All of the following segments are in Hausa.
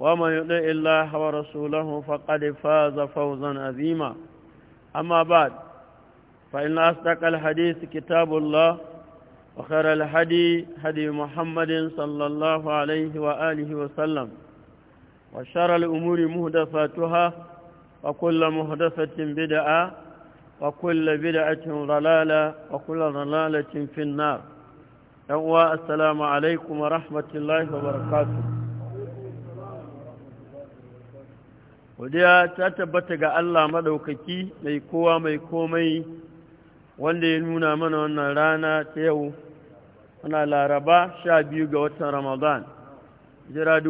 ومن يطع الله ورسوله فقد فاز فوزا عظيما أما بعد فإن أصدق الحديث كتاب الله وخير الهدي هدي محمد صلى الله عليه وآله وسلم وشر الأمور مهدفاتها وكل مهدفة بدعة وكل بدعة ضلالة وكل ضلالة في النار السلام عليكم ورحمة الله وبركاته godiya ta tabbata ga Allah maɗaukaki mai kowa mai komai wanda ya nuna mana wannan rana ta yau wana laraba sha biyu ga watan ramadan jira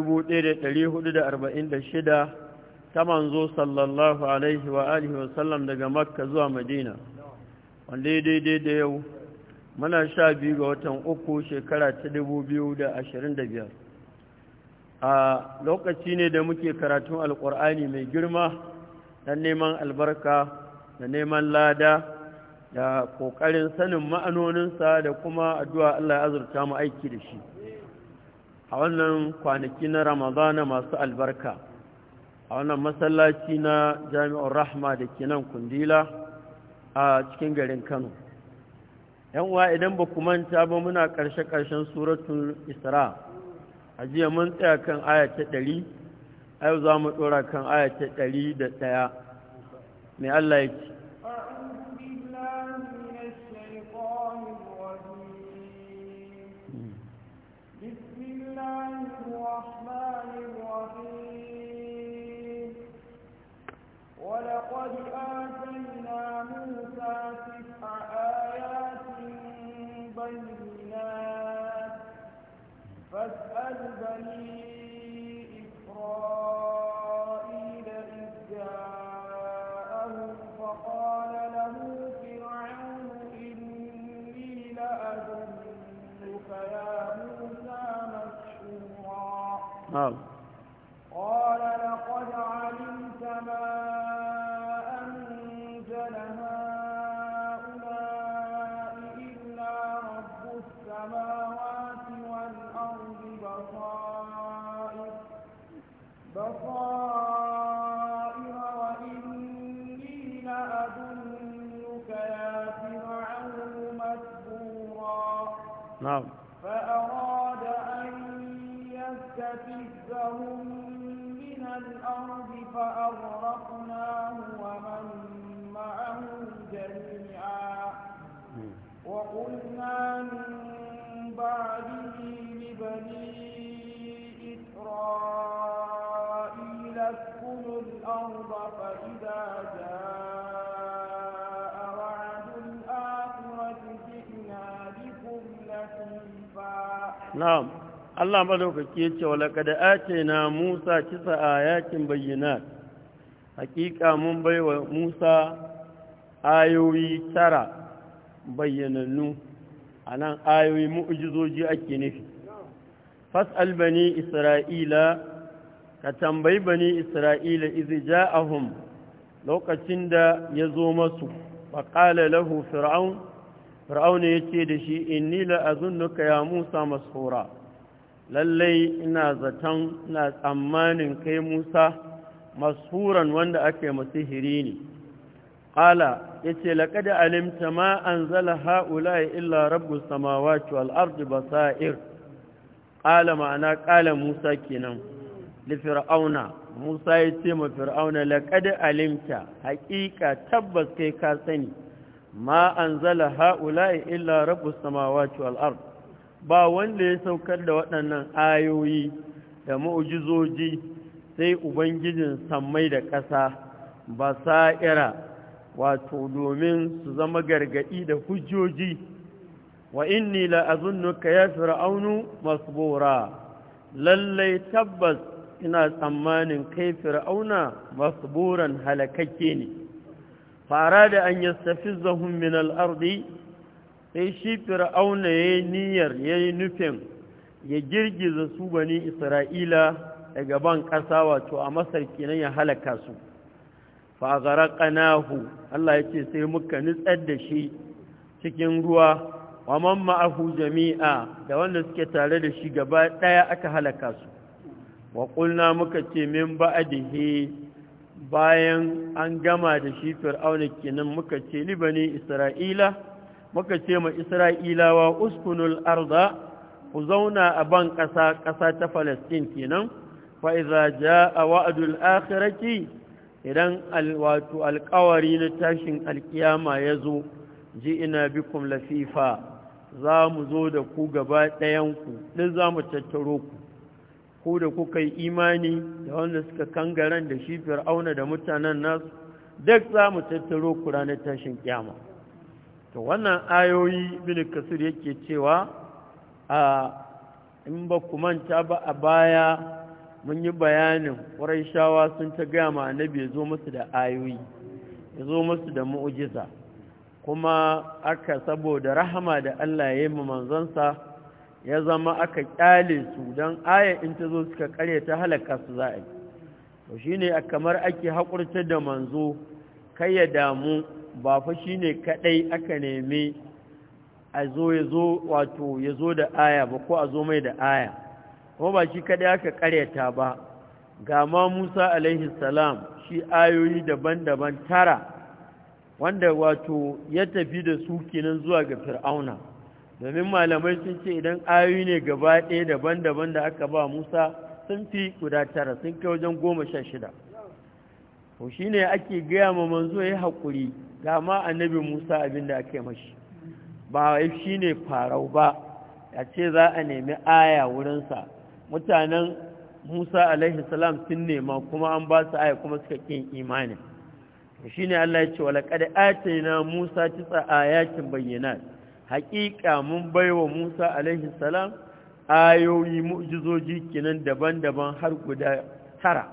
shida ta manzo sallallahu alaihi wa alihi wasallam daga makka zuwa madina wanda ya daidai da yau mana sha biyu ga watan uku shekara ta biyar. a lokaci ne da muke karatun Alƙur'ani mai girma na neman albarka da neman lada da ƙoƙarin sanin ma'anoninsa da kuma addu'a Allah ya azurta mu aiki da shi a wannan kwanaki na ramadana masu albarka a wannan masallaci na jami'ar rahma da ke nan kundila a cikin garin kano yanwa idan ba ku manta ba muna ƙarshe-ƙarshen suratun isra' a jiya mun tsaya kan aya ta ɗari a yau za mu ɗora kan ta ɗari da ɗaya mai Allah yake نعم قال لقد علمت ما أنزل هؤلاء إلا رب السماوات والأرض بصائر بصائر وإني لأظنك يا فرعون مسبورا نعم na'am Allah madaukaki yace wala kad atayna Musa kisa ayatin bayyinat hakika mun baiwa Musa ayoyi tara bayyanannu anan ayoyi mu'jizoji ake nufi fas'al bani isra'ila ka tambayi bani isra'ila izi ja'ahum lokacin da ya zo masu faƙala lahu fir'aun fir'auna yace da shi inni la'azunnuka ya musa mashura lallai ina zaton ina tsammanin kai musa mashuran wanda ake masihiri ne ƙala ya ce alimta ma an ha'ula illa rabbus samawa wal ardi basa'ir ƙala ma'ana qala musa kenan da fir'auna musa yace ma fir'auna laqad alimta haƙiƙa tabbas kai ka sani ma anzala ha'ula'i illa rabu samawati wal ba wanda ya saukar da waɗannan ayoyi da ma'ujizoji, sai ubangijin sammai da ƙasa basaira wato domin su zama gargaɗi da hujjoji wa inni la azunnuka ya fir'aunu masbura lallai tabbas ina tsammanin kai fir'auna masburan halakakke ne fara da an yastafizzahum min al sai shi fir'auna yayi niyyar yi nufin ya girgiza su bani isra'ila daga ban ƙasa wato a masar kenan ya halaka su fa gharaqnahu Allah yace sai muka nutsar da shi cikin ruwa wa man ma'ahu jami'a da wanda suke tare da shi gaba ɗaya aka halaka su wa qulna muka ce min ba'dihi bayan an gama da shi fir'auna kenan muka ce libani isra'ila muka ce ma isra'ilawa uskunul arda ku zauna a ban ƙasa ƙasa ta falastin kenan fa'iza ja a wa'adul akhirati idan wato alƙawari na tashin alƙiyama ya zo ji ina bikum lafifa za mu zo da ku gaba ɗayanku ɗin za mu tattaro ku ko da kuka yi imani da wanda suka kangaren da shi fir'auna da mutanen nasu duk za mu tattaro ku ranar tashin kyama to wannan ayoyi bin kasir yake cewa a in ba ku manta ba a baya mun yi bayanin shawa sun ta ma annabi ya zo musu da ayoyi ya zo musu da mu'ujiza kuma aka saboda rahama da Allah ya yi manzansa ya zama aka kyale su don aya in ta zo suka kare ta halaka su za a yi to shi ne kamar ake haƙurta da manzo kai ya damu ba fa shi ne kaɗai aka nemi a zo ya zo wato ya zo da aya ba ko a zo mai da aya kuma ba shi kaɗai aka ƙaryata ba ga ma musa alaihi salam shi ayoyi daban-daban tara wanda wato ya tafi da su kenan zuwa ga fir'auna domin malamai sun ce idan ayoyi ne gaba ɗaya daban-daban da aka ba musa sun fi guda tara sun kai wajen goma sha shida to shi ne ake gaya ma manzo ya yi haƙuri ga ma annabi musa abin da aka yi mashi ba wa shi ne farau ba ya ce za a nemi aya wurinsa mutanen musa alaihi salam sun nema kuma an ba su aya kuma suka ƙin imanin shi ne allah ya ce walaƙar na musa a yakin bayyana haƙiƙa mun baiwa Musa alaihi salam ayoyi mu'jizoji kinan daban-daban har guda tara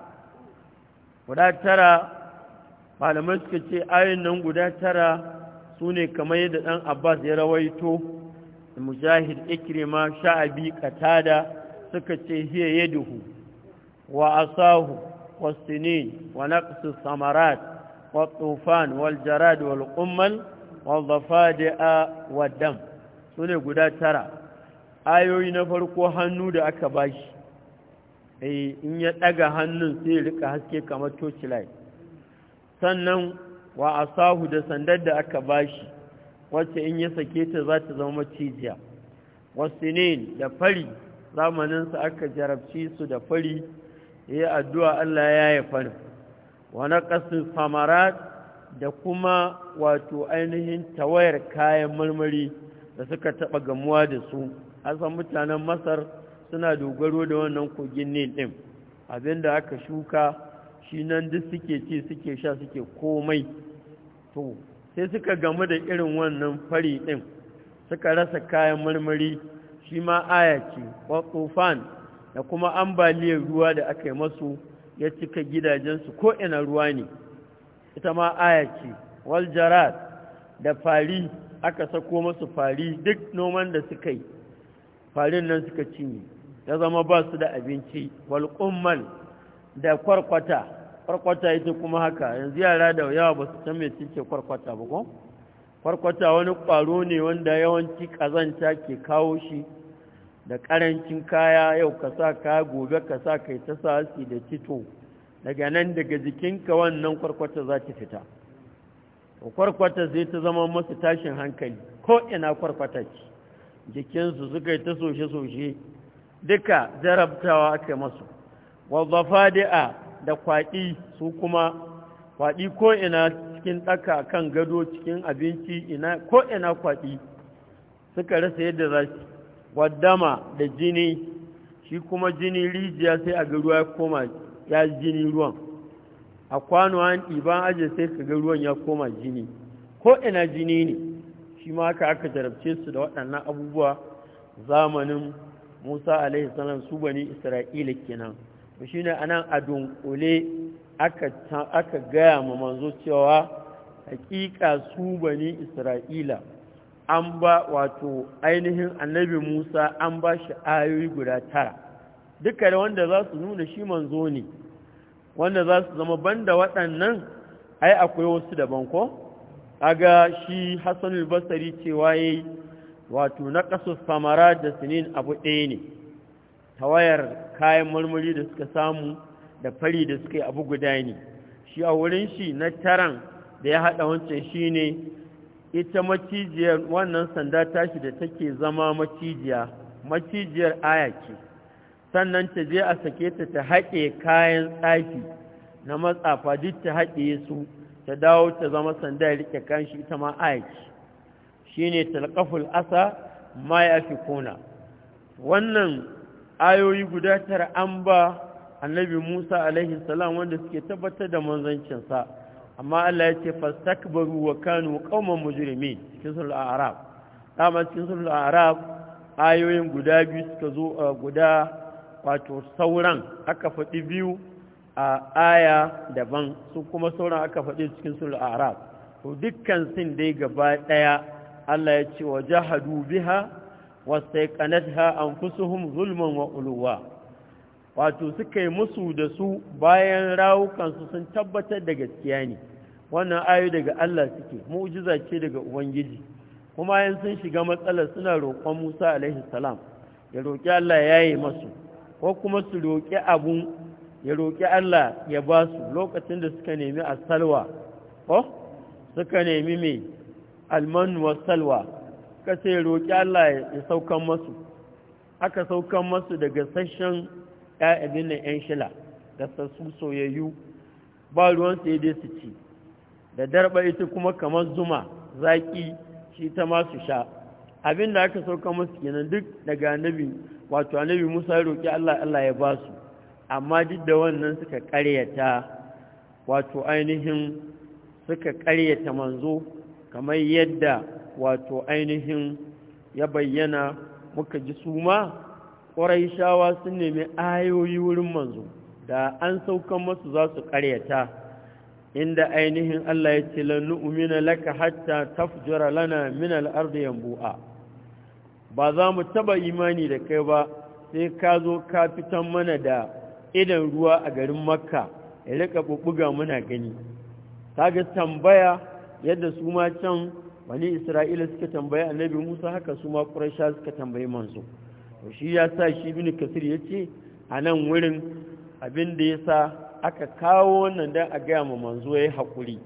guda tara malamai suka ce ayoyin nan guda tara su ne kamar yadda ɗan abbas ya rawaito mujahid ikrima sha'abi katada suka ce hiya yaduhu wa asahu wa sinin wa naqsu samarat wa tufan wal jarad wal wadda waddam su ne guda tara ayoyi na farko hannu da aka bashi in ya daga hannun sai rika haske kamar tocilai sannan wa asahu da sandar da aka bashi wacce in ya sake ta za ta zama macijiya wasinin da fari zamaninsa aka jarabci su da fari ya addu'a Allah ya yi fari wa na ƙasin samarat da kuma wato ainihin tawayar kayan marmari da suka taɓa gamuwa da su asan mutanen masar suna dogaro da wannan kogin nil ɗin abinda aka shuka shi nan duk suke ci suke sha suke komai to sai suka gamu da irin wannan fari ɗin suka rasa kayan marmari shi ma aya ce tsofan da kuma ambaliyar ruwa da aka yi masu ya cika gidajensu ko ina ruwa ne ita ma aya ce wal da fari aka sako masu fari duk noman da suka yi farin nan suka cinye ya zama ba su da abinci wal da kwarkwata kwarkwata ita kuma haka yanzu yara da yawa ba su san mai cince kwarkwata ba ko kwarkwata wani ƙwaro ne wanda yawanci ƙazanta ke kawo shi da ƙarancin kaya yau ka sa kaya gobe ka sa kai ta sa da tito daga nan daga jikinka wannan kwarkwata za ta fita kwarkwata zai ta zama masu tashin hankali ko ina kwarkwata ce jikinsu suka yi ta soshe-soshe duka jarabtawa aka masu wazzafa da'a da kwaɗi su kuma kwaɗi ko ina cikin ɗaka kan gado cikin abinci ina ko ina kwaɗi suka rasa yadda za su waddama da jini shi kuma jini rijiya sai a garuwa ya koma ya jini ruwan a kwano an ɗiban aje sai ka ga ruwan ya koma jini ko ina jini ne shi ma aka jarabce su da waɗannan abubuwa zamanin musa alaihi salam su bani isra'ila kenan shi ne anan a dunkule aka gaya ma manzo cewa hakika su bani isra'ila an ba wato ainihin annabi musa an ba shi ayoyi guda tara duka da wanda za su nuna shi manzo ne wanda za su zama da waɗannan ai akwai wasu daban ko aga shi hassanul basari cewa ya yi wato na ƙasa samara da sinin abu ɗaya ne ta wayar kayan marmari da suka samu da fari da suka yi abu guda ne shi a wurin shi na taran da ya haɗa wancan shi ne ita macijiyar wannan sanda tashi da take zama macijiya macijiyar aya sannan ta je a sake ta ta haƙe kayan tsafi na matsafa duk ta haƙe su ta dawo ta zama sanda rike kan shi ita ma aiki Shi shine talƙaful asa ma kona wannan ayoyi guda tara an ba annabi Musa alaihi salam wanda suke tabbatar da manzancinsa amma Allah ya ce fastakbaru wa kanu qauman mujrimin cikin sura al-a'raf dama cikin sura al-a'raf ayoyin guda biyu suka zo a eh, guda wato sauran aka faɗi biyu a aya daban su kuma sauran aka faɗi cikin sulhu arab to dukkan sin dai gaba ɗaya Allah ya ce wa jahadu biha wastaiqanatha anfusuhum zulman wa uluwa wato suka yi musu da su bayan rawukansu sun tabbatar da gaskiya ne wannan ayo daga Allah suke mu'jiza ce daga ubangiji kuma yan sun shiga matsalar suna roƙon Musa alaihi salam ya roƙi Allah ya yi masu ko kuma su roƙi abu ya roƙi Allah ya ba su lokacin da suka nemi a salwa? ko suka nemi mai almanu salwa? ka ce roƙi Allah ya saukan masu aka saukan masu daga sashen ‘ya'yabin na ‘yan shila da sassu soyayyu ba ruwan sai dai su ci da darba ita kuma kamar zuma zaƙi shi ta masu sha abin da aka saukan masu kenan duk daga nabi wato annabi musa ya roƙi allah allah ya ba su amma duk da wannan suka ƙaryata wato ainihin suka ƙaryata manzo kamar yadda wato ainihin ya bayyana muka ji su ma ƙwarai shawa sun nemi ayoyi wurin manzo da an saukan masu za su ƙaryata inda ainihin Allah ya ce lannu umina laka hatta tafjura lana min al'ardu yambu'a ba za mu taba imani da kai ba sai ka zo ka fitan mana da idan ruwa a garin makka ya rika muna gani ta ga tambaya yadda su ma can wani isra'ila suka tambayi annabi musa haka su ma ƙurasha suka tambayi manzo to shi ya sa shi ibn kasir ya ce a nan wurin abin da ya sa aka kawo wannan dan a gaya ma manzo ya yi haƙuri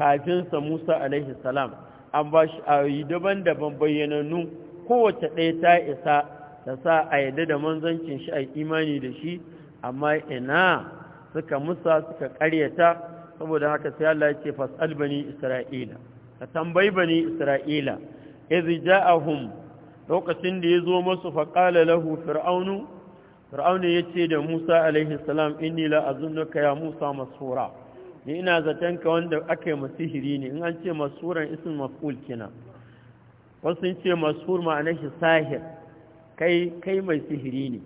kafinsa musa alaihi salam an ba shi yi daban-daban bayyanannu kowace ɗaya ta isa ta sa a yadda da manzancin shi a imani da shi amma ina suka musa suka ƙaryata saboda haka sai Allah ya ce fas'al bani isra'ila ka tambayi bani isra'ila idh ja'ahum lokacin da ya zo masu faƙala lahu fir'aunu fir'aunu ya ce da musa alaihi salam inni la azunnuka ya musa masura ni ina zaton ka wanda aka yi masihiri ne in an ce masuran isin maf'ul kina wasu sun ce mashur ma'ana shi sahir kai mai sihiri ne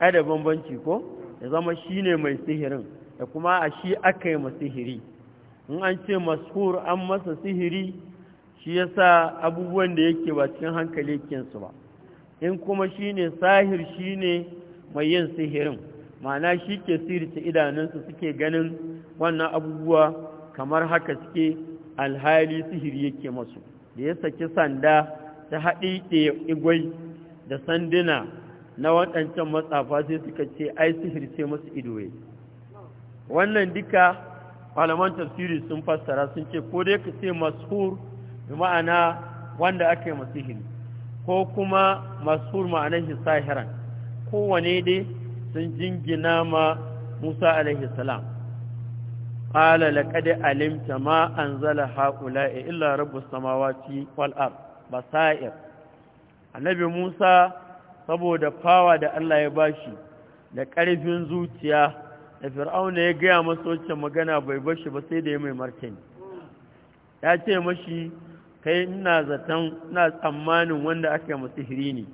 ai da bambanci ko ya zama shi ne mai sihirin da kuma a shi aka yi masihiri in an ce mashur an masa sihiri shi ya sa abubuwan da yake ba cikin hankali kinsu ba in kuma shi ne sahir shi ne mai yin sihirin ma'ana shi ke sirce idanunsu suke ganin wannan abubuwa kamar haka suke alhali sihiri yake masu da ya saki sanda ta haɗi ɗaya igwai da sanduna na waɗancan matsafa sai suka ce ai ce masu idoye wannan duka malaman tafsiri sun fassara sun ce ko dai ka ce mashur da ma'ana wanda aka yi masihiri ko kuma mashur ma'anar hisahiran kowane dai sun jingina ma musa alaihi salam qala laqad alimta ma anzala haula'i illa rabbus samawati wal ard basair annabi Musa saboda fawa da Allah ya bashi da ƙarfin zuciya da fir'auna ya gaya masoci magana bai bashi ba sai da ya mai martani ya ce mashi kai ina zaton ina tsammanin wanda aka yi sihiri ne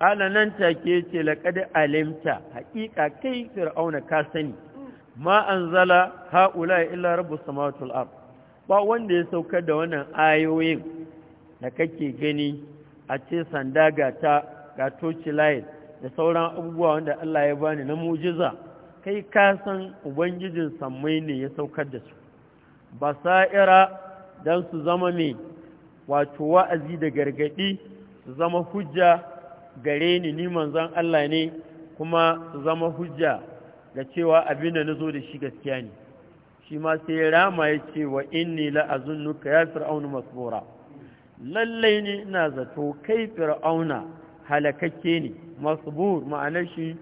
ƙala nan take ce laƙada alimta haƙiƙa kai fir'auna ka sani ma zala haula illa rabbus samawati wal ard ba wanda ya sauka da wannan ayoyin da kake gani a ce sanda ga ta ga da sauran abubuwa wanda Allah ya bani na mujiza kai ka san ubangijin sammai ne ya saukar da su basa'ira dan su zama mai wato wa'azi da gargadi su zama hujja gare ni ni manzon Allah ne kuma su zama hujja ga cewa abin da na zo da shi gaskiya ne shi ma sai rama ya ce wa inni la'azunnuka ya fir'aunu masbura lallai ne ina zato kai fir'auna halakakke ne masbur ma'anar shi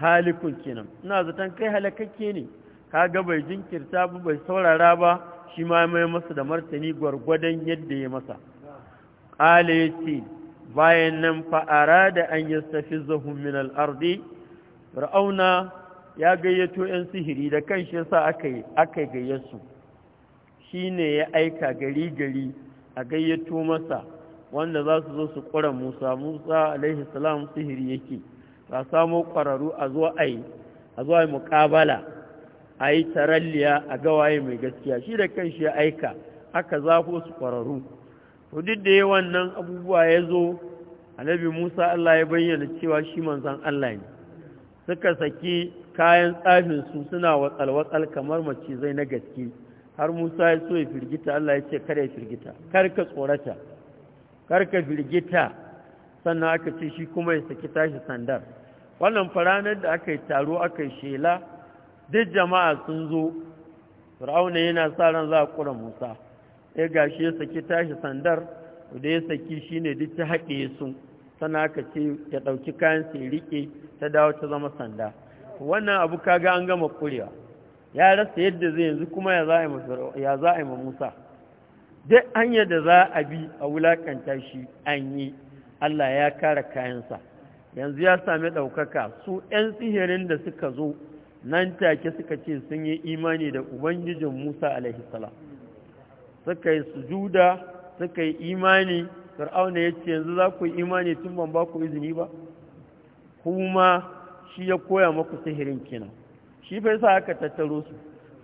halikun kenan ina zaton kai halakakke ne Ka ga bai jinkirta ba bai saurara ba shi ma mai masa da martani gwargwadon yadda ya masa ƙala ya ce bayan nan fa'ara da an yi safi zahun min al'ardi fir'auna ya gayyato 'yan sihiri da kan shi sa aka gayyasu shi ne ya aika gari gari a gayyato masa wanda za su zo su ƙura musa musa alaihi salam sihiri yake ba samo ƙwararru a zuwa a a zuwa yi muƙabala a yi taralliya a gawaye mai gaskiya shi da kan shi ya aika aka zafo su ƙwararru to duk da yawan nan abubuwa ya zo annabi musa allah ya bayyana cewa shi manzan allah ne suka saki kayan tsafinsu suna watsal-watsal kamar macizai na gaske har musa ya so ya firgita allah ya ce kada ya firgita karka tsorata karka firgita sannan aka ce shi kuma ya saki tashi sandar wannan faranar da aka yi taro aka yi shela duk jama'a sun zo fir'auna yana sa ran za a kura musa sai gashi ya saki tashi sandar da ya saki shine duk ta haɗe su sannan aka ce ya ɗauki kayan sai riƙe ta dawo ta zama sanda wannan abu ga an gama kurewa ya rasa yadda zai yanzu kuma ya za a yi ma musa duk hanyar da za a bi a wulakanta shi an yi allah ya kara kayansa yanzu ya sami ɗaukaka su 'yan sihirin da suka zo nan take suka ce sun yi imani da ubangijin musa alaihissalam suka yi sujuda suka yi imani fir'auna ya ce yanzu za ku yi imani tun ban ba ku izini ba kuma shi ya koya maku sihirin kenan shi fa yasa aka tattaro su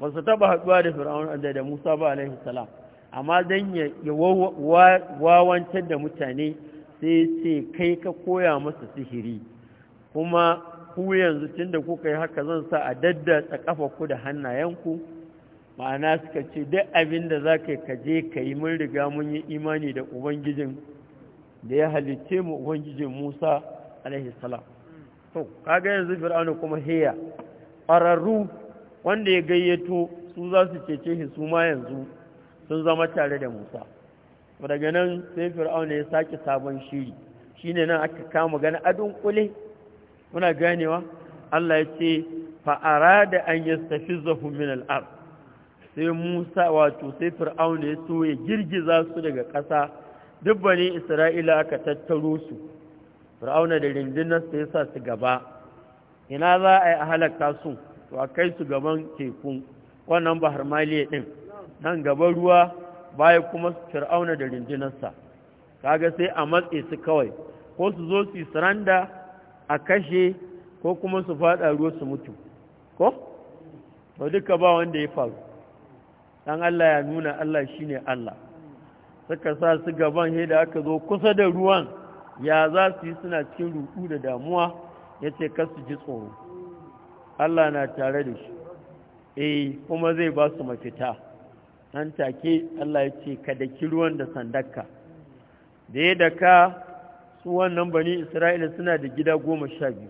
ba su taba haduwa da fir'aun da da Musa ba alaihi salam amma dan ya wawancar da mutane sai ce kai ka koya masa sihiri kuma ku yanzu tunda kuka yi haka zan sa a daddatsa kafa ku da hannayenku ma'ana suka ce duk abin da za ka ka je ka yi mun riga mun yi imani da ubangijin da ya halitce mu ubangijin Musa alaihi salam to kaga yanzu fir'auna kuma heya ƙwararru wanda ya gayyato su za su cece shi su ma yanzu sun zama tare da musa daga nan sai fir'auna ya sake sabon shiri shine nan aka kama gani adun kule muna ganewa Allah ya ce fa'ara da an yi min al-ard sai musa wato sai fir'auna ya so ya girgiza su daga ƙasa duk ne isra'ila aka tattaro su fir'auna da rindinarsa ya sa su gaba ina za a yi a halaka su to a kai su gaban tekun wannan bahar maliya din nan gaban ruwa baya kuma fir'auna da rindinarsa kaga sai a matse su kawai ko su zo su saranda a kashe ko kuma su fada ruwa su mutu ko ba duka ba wanda ya faru dan Allah ya nuna Allah shine Allah suka sa su gaban he da aka zo kusa da ruwan ya za su yi suna cikin ruɗu da damuwa ya ce kasu ji tsoro Allah na tare da shi eh kuma zai ba su mafita nan take Allah ya ce ka daki ruwan da sandarka da ya daka su wannan bani Isra'ila suna da gida goma sha biyu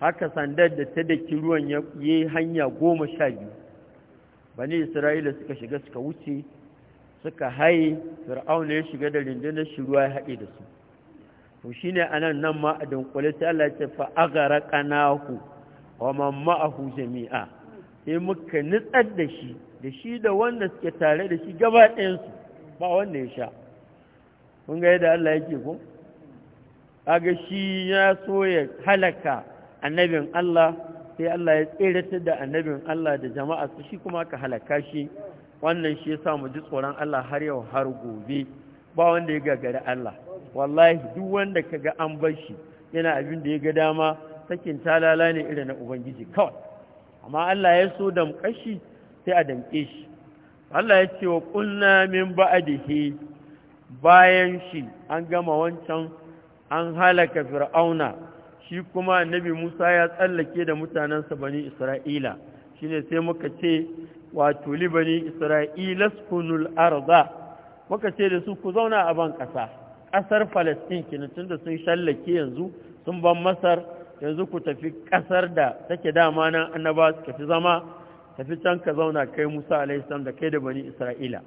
haka sandar da ta daki ruwan ya yi hanya goma sha biyu bani Isra'ila suka shiga suka wuce suka haye fir'auna ya shiga da rindunar shi ruwa ya haɗe da su to shine anan nan ma a dunkule sai Allah ya ce fa agharaqnahu wa man ma'ahu jami'a sai muka nitsar da shi da shi da wanda suke tare da shi gaba ɗayan su ba wanda ya sha kun ga yadda Allah yake ko kaga shi ya so ya halaka annabin Allah sai Allah ya tseratar da annabin Allah da jama'a su shi kuma ka halaka shi wannan shi ya sa mu ji tsoron Allah har yau har gobe ba wanda ya gagari Allah wallahi duk wanda ka ga an bar shi yana abin da ya ga dama sakin talala ne irin na ubangiji kawai amma Allah ya so damƙa shi sai a damƙe shi Allah ya ce wa ƙunna min ba'dihi bayan shi an gama wancan an halaka fir'auna shi kuma annabi Musa ya tsallake da mutanensa bani Isra'ila shine sai muka ce wato libani Isra'ila skunul arda muka ce da su ku zauna a ban ƙasa ƙasar falastin kenan tunda sun shallake yanzu sun ban masar yanzu ku tafi ƙasar da take dama nan annaba ka fi zama tafi can ka zauna kai musa alaihissalam da kai da bani isra'ila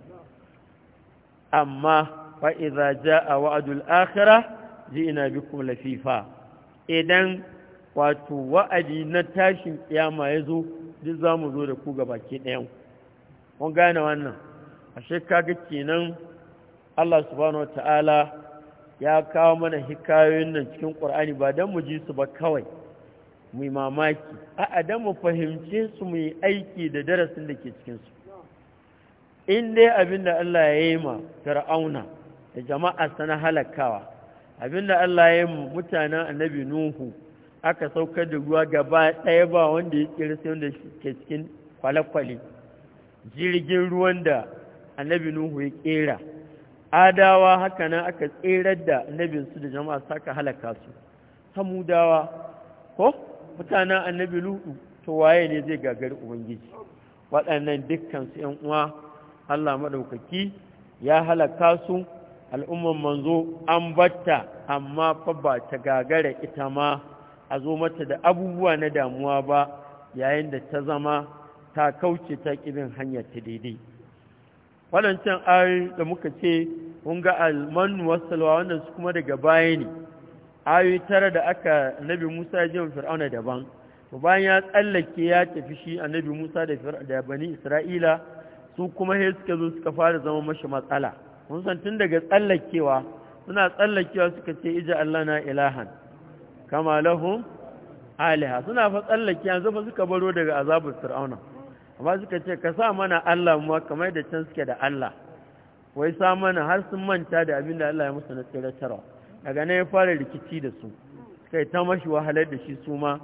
amma fa'iza ja a wa'adul akhira ji ina bi lafifa idan wato wa'adi na tashin kiyama ya zo duk za mu zo da ku ga baki ɗayan kun gane wannan ashe kaga kenan Allah subhanahu wa ta'ala ya kawo mana hikayoyin nan cikin ƙur'ani ba don mu ji su ba kawai mu yi mamaki a'a don mu fahimci su mu yi aiki da darasin da ke cikinsu in dai abin da Allah ya yi ma fir'auna da jama'a sana halakawa abin da Allah ya yi ma mutanen annabi nuhu aka saukar da ruwa gaba ɗaya ba wanda ya kira sai wanda ke cikin kwale-kwale jirgin ruwan da annabi nuhu ya ƙera. adawa haka nan aka tserar da annabinsu da jama'a saka halaka su samudawa ko mutanen annabi ludu to waye ne zai gagari ubangiji waɗannan dukkan su uwa Allah maɗaukaki, ya halaka su al'umman manzo an batta amma fa ba ta gagara ita ma a zo mata da abubuwa na damuwa ba yayin da ta zama ta kauce ta ƙirin hanyar ta daidai waɗancan ayoyi da muka ce mun ga almanu wasalwa wannan su kuma daga baya ne ayoyi tara da aka nabi musa je wa fir'auna daban to bayan ya tsallake ya tafi shi annabi musa da bani isra'ila su kuma he suka zo suka fara zama mashi matsala mun san tun daga tsallakewa suna tsallakewa suka ce ija allah na ilahan kama lahum aliha suna fa tsallake yanzu fa suka baro daga azabar fir'auna amma suka ce ka sa mana Allah mu kamar da can suke da Allah wai sa mana har sun manta da abin da Allah ya musu na tsiratarwa daga nan ya fara rikici da su kai ta mashi wahalar da shi su ma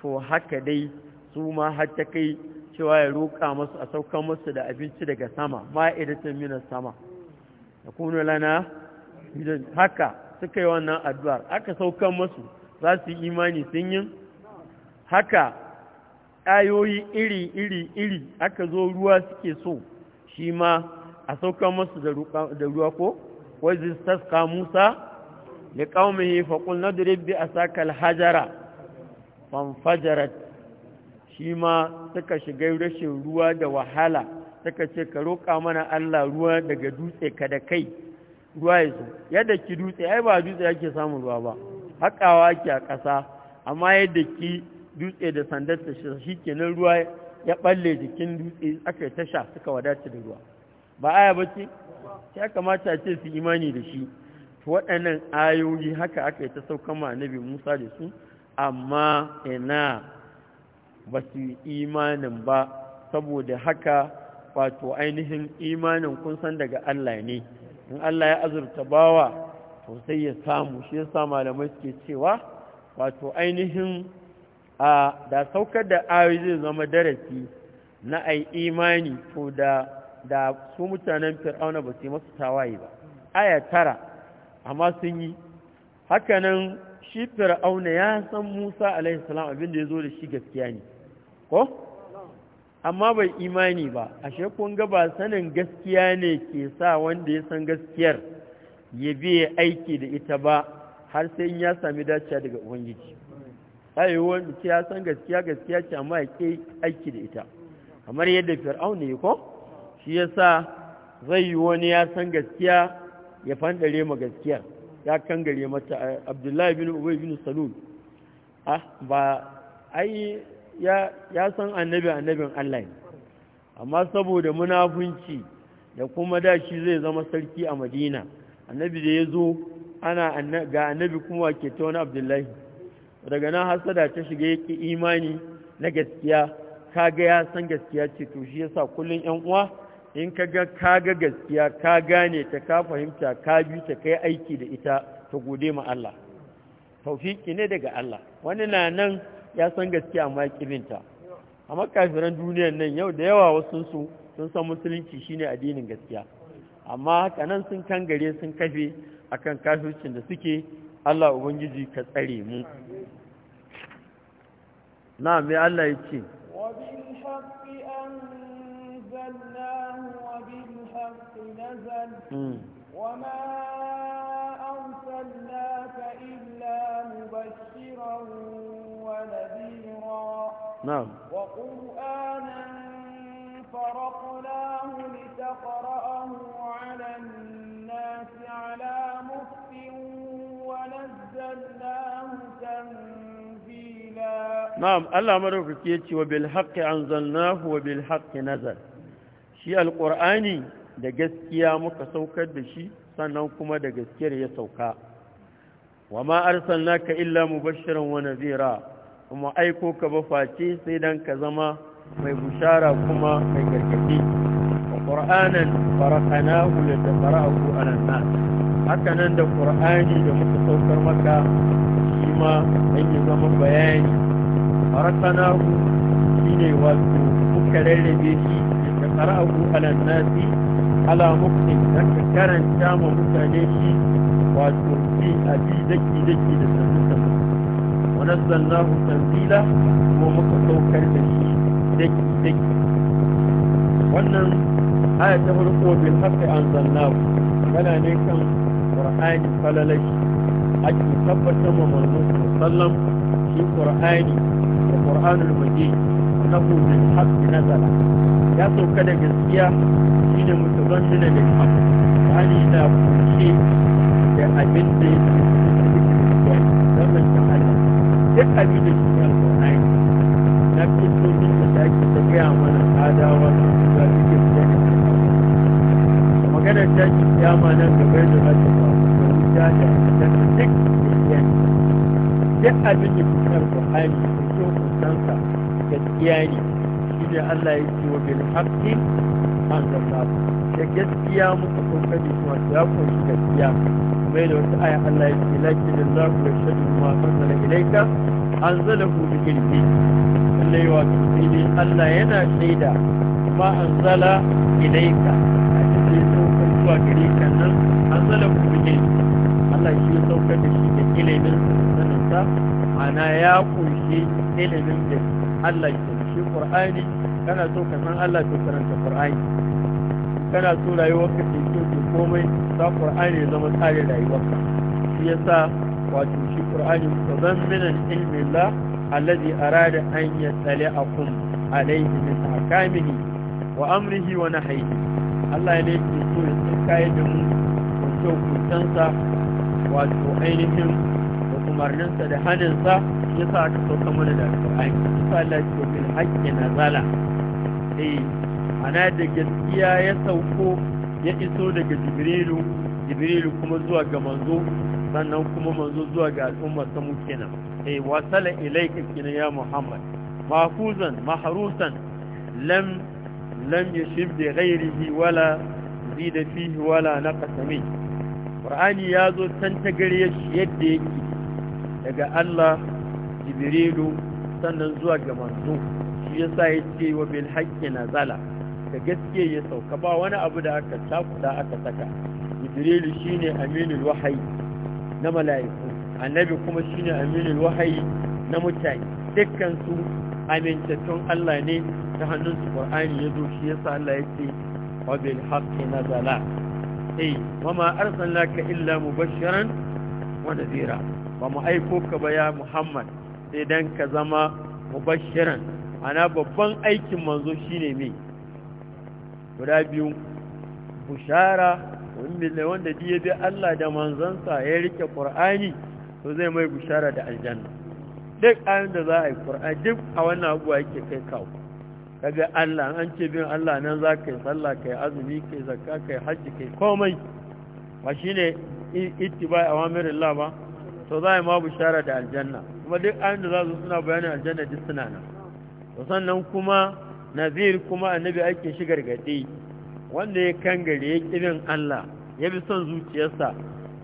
to haka dai su ma har ta kai cewa ya roƙa masu a saukan masu da abinci daga sama ma'idatun mina sama da kuma lana haka suka yi wannan addu'ar aka saukan masu za su yi imani sun yi haka ayoyi iri iri iri aka zo ruwa suke so shi ma a saukan masu da ruwa ko wajen saska musa da ƙaumihi faƙul na duribbi a sakal hajara fanfajarat shi ma suka shiga rashin ruwa da wahala suka ce ka roƙa mana allah ruwa daga dutse ka da kai ruwa ya so yadda ki dutse ai ba dutse ake samun ruwa ba haƙawa ki a ƙasa amma yadda ki dutse da sandar ta shi kenan ruwa ya balle jikin dutse aka yi tasha suka wadatar da ruwa ba aya ba ce ya kamata ce su imani da shi To waɗannan ayoyi haka aka yi ta saukan ma annabi Musa da su amma ina ba su imanin ba saboda haka wato ainihin imanin kun san daga Allah ne in Allah ya azurta bawa to sai ya samu shi ya sa malamai suke cewa wato ainihin a da saukar da ayoyi zai zama darasi na ai imani to da da su mutanen fir'auna ba su masu tawaye ba aya tara amma sun yi hakanan shi fir'auna ya san musa alaihi salam abin da ya zo da shi gaskiya ne ko amma bai imani ba ashe kun ga ba sanin gaskiya ne ke sa wanda ya san gaskiyar ya biye aiki da ita ba har sai in ya sami dacewa daga ubangiji ayewa wani ya san gaskiya gaskiya ce amma ya ke aiki da ita kamar yadda fir'aun ne ko shi yasa zai yi wani ya san gaskiya ya fandare ma gaskiya ya kangare mata abdullahi bin ubay bin salul ah ba ai ya ya san annabi annabin Allah ne amma saboda munafunci da kuma da shi zai zama sarki a Madina annabi da ya zo ana ga annabi kuma ke ta wani abdullahi daga nan hasada ta shiga yake imani na gaskiya ka ga ya san gaskiya ce to shi yasa kullum yan uwa in ka ga gaskiya ka gane ta ka fahimta ka bi ta kai aiki da ita ta gode ma Allah tawfiki ne daga Allah wani na nan ya san gaskiya amma kibinta amma kafiran duniyar nan yau da yawa wasu su sun san musulunci shine addinin gaskiya amma haka nan sun kangare sun kafe akan kafircin da suke Allah ubangiji ka tsare mu نعم يا الله يتشي وبالحق أنزلناه وبالحق نزل وما أرسلناك إلا مبشرا ونذيرا نعم وقرآنا فرقناه لتقرأه على الناس على مخف ونزلناه تنزيلا na'am Allah madaukaki yace wa bil haqqi anzalnahu wa bil haqqi nazal shi alqur'ani da gaskiya muka saukar da shi sannan kuma da gaskiyar ya sauka wa ma arsalnaka illa mubashiran wa nadhira kuma aiko ka ba face sai dan ka zama mai bushara kuma mai gargadi qur'anan faraqnahu litaqra'ahu 'ala an-nas haka da qur'ani da muka saukar maka kuma dan ya zama bayani farakanahu shine wato muka rarrabe shi da qara'u ala nasi ala mukmin da ka karanta ma mutane shi wato shi a abi daki daki da sanin wani wa nazzalnahu tanzila kuma muka saukar da shi daki daki wannan aya ta farko bil haqqi anzalnahu kana ne kan qur'ani falalashi ake tabbatar wa manzon sallam shi qur'ani da qur'anul majid lahu bil na nazala ya sauka da gaskiya shine mutazammina da haqq hali da kuce da abin da yake cikin da Allah duk abin da shi alqur'ani na aya take cikin alƙur'ani cikin kusansa gaskiya ne shi ne Allah ya ce wa bil haqqi an zalla da gaskiya muka kunshi gaskiya mai da wata aya Allah ya ce ilaika lallai wato sai dai Allah yana shaida ma anzala ilaika a cikin zuwa gare ka nan Allah shi ya saukar da shi da ilimin sanansa ma'ana ya kunshi ilimin da Allah ke shi Qur'ani kana so ka san Allah to karanta Qur'ani kana so rayuwar ka ta yi komai sa Qur'ani ya zama tsarin rayuwar ka shi yasa wato shi Qur'ani mutazamminan ilmi Allah alladhi arada an yatsali'akum alayhi min ahkamihi wa amrihi wa nahyihi Allah ne ke so ya tsaya da mu da kyau kusansa wato ainihin umarninsa da hannunsa ya sa aka sauka mana da alƙur'ani ya sa Allah ce bil haqqi nazala eh ana da gaskiya ya sauko ya iso daga jibrilu jibrilu kuma zuwa ga manzo sannan kuma manzo zuwa ga al'ummar ta mu kenan eh wasala ilayka kenan ya muhammad mahfuzan mahrusan lam lam yashib bi ghairihi wala zida fihi wala naqasa min qur'ani ya zo tan tagare yadda yake daga Allah jibrilu sannan zuwa ga manzo shi yasa ce wa bil haqqi nazala da gaske ya sauka ba wani abu da aka takuta aka saka jibrilu shine aminul wahayi na mala'iku annabi kuma shine aminul wahayi na mutane dukkan su amintattun Allah ne ta hannun su Qur'ani yazo shi yasa Allah yace wa bil haqqi nazala eh wama arsalnaka illa mubashiran wa nadhira ba mu aiko ka ba ya muhammad sai dan ka zama mubashiran ana babban aikin manzo shine me guda biyu bushara wanda ya bi Allah da manzansa ya rike ƙur'ani to zai mai bushara da aljanna duk ayin da za a yi qur'ani duk a wannan abuwa yake kai kawo kaga Allah an ce bin Allah nan za ka yi sallah ka yi azumi ka yi zakka ka yi hajji ka yi komai ba shine ittiba awamirillah ba to za a yi ma bishara da aljanna kuma duk ayin da za su suna bayanin aljanna duk suna nan to sannan kuma nazir kuma annabi ake shi gargaɗi wanda ya gari ya ƙirin Allah ya bi son zuciyarsa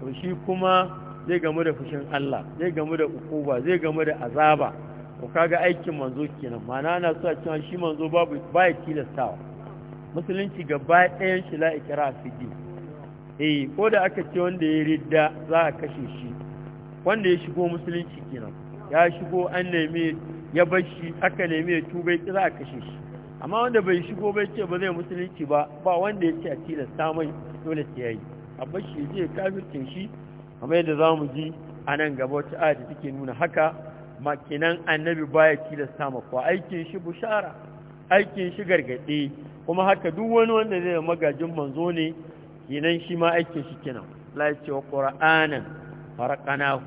to shi kuma zai gamu da fushin Allah zai gamu da ukuba zai gamu da azaba ko kaga aikin manzo kenan ma'ana ana so a cewa shi manzo babu ya tilastawa musulunci gaba ɗayan shi la'ikira a fi eh ko da aka ce wanda ya ridda za a kashe shi wanda ya shigo musulunci kenan ya shigo an neme ya bar shi aka neme ya tuba ki za a kashe shi amma wanda bai shigo bai ce ba zai musulunci ba ba wanda ya ce a tilasta samai dole sai yayi a shi zai kafircin shi amma yadda za mu ji a nan gaba wata aya da take nuna haka makinan annabi baya tilasta sama ko aikin shi bushara aikin shi gargaɗe kuma haka duk wani wanda zai magajin manzo ne kenan shi ma aikin shi kenan la ya ce wa qur'anan farakana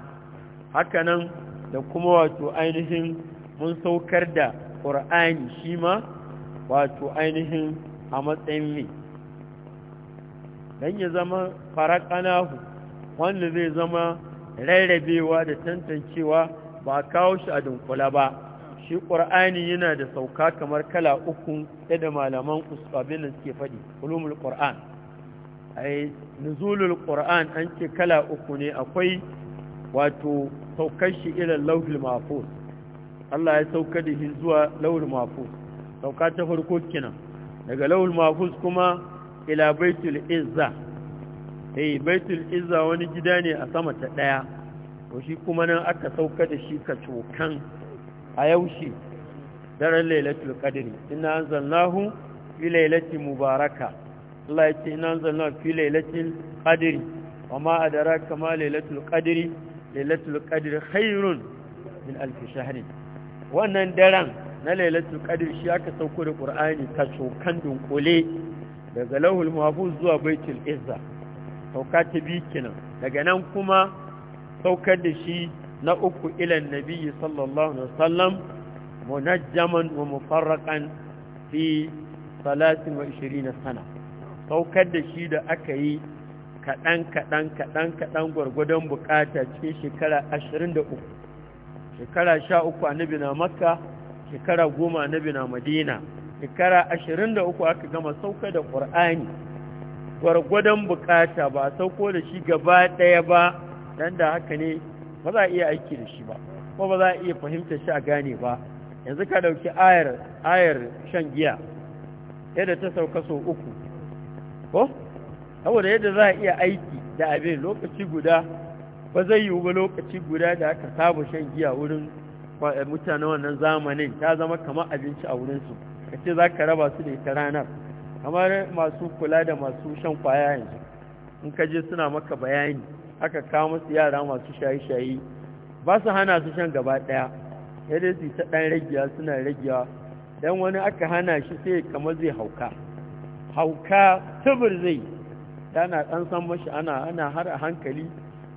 hakanan da kuma wato ainihin mun saukar da qur'ani shi ma wato ainihin a matsayin ne dan ya zama faraqana wanda zai zama rarrabewa da tantancewa ba kawo shi a dunkula ba shi ƙur'ani yana da sauka kamar kala uku da malaman da suke faɗi ulumul ƙur'an nuzulul qur'an an ce kala uku ne akwai wato saukar shi ilan lauhul mahfuz Allah ya sauka da shi zuwa lauhul mahfuz sauka ta farko kenan daga lauhul mahfuz kuma ila baitul izza eh baitul izza wani gida ne a sama ta daya to shi kuma nan aka sauka da shi ka cokan a yaushe daren lailatul qadri inna anzalnahu fi lailatin mubaraka Allah ya na ina zanna fi lailatul qadri wa ma adraka ma lailatul qadri lailatul qadri khairun min alf shahr wannan daren na lailatul qadri shi aka sauko da qur'ani ta kan dunkule daga lahul mahfuz zuwa baitul izza sauka ta bi kenan daga nan kuma saukar da shi na uku ilan nabiyyi sallallahu alaihi wasallam munajjaman wa mufarraqan fi 23 sana saukar da shi da aka yi kaɗan kaɗan kaɗan kaɗan gwargwadon bukata cikin shekara ashirin da uku shekara sha uku annabi na makka shekara goma a na madina shekara ashirin da uku aka gama sauka da ƙur'ani gwargwadon bukata ba a sauko da shi gaba ɗaya ba don da haka ne ba za a iya aiki da shi ba ko ba za a iya fahimta shi a gane ba yanzu ka ɗauki ayar shan giya yadda ta sauka sau uku ko saboda yadda za a iya aiki da abin lokaci guda ba zai yiwu ba lokaci guda da aka saba shan giya wurin eh, mutane wannan zamanin ta zama kamar abinci a wurinsu ka ce za ka raba su da ita ranar kamar masu kula da masu shan kwaya yanzu in ka je suna maka bayani aka kawo musu yara masu shaye-shaye ba su hana su shan gaba ɗaya yadda su ta ɗan ragiya suna ragiya don wani aka hana shi sai kamar zai hauka hauka tubur zai yana ɗan san mashi ana ana har a hankali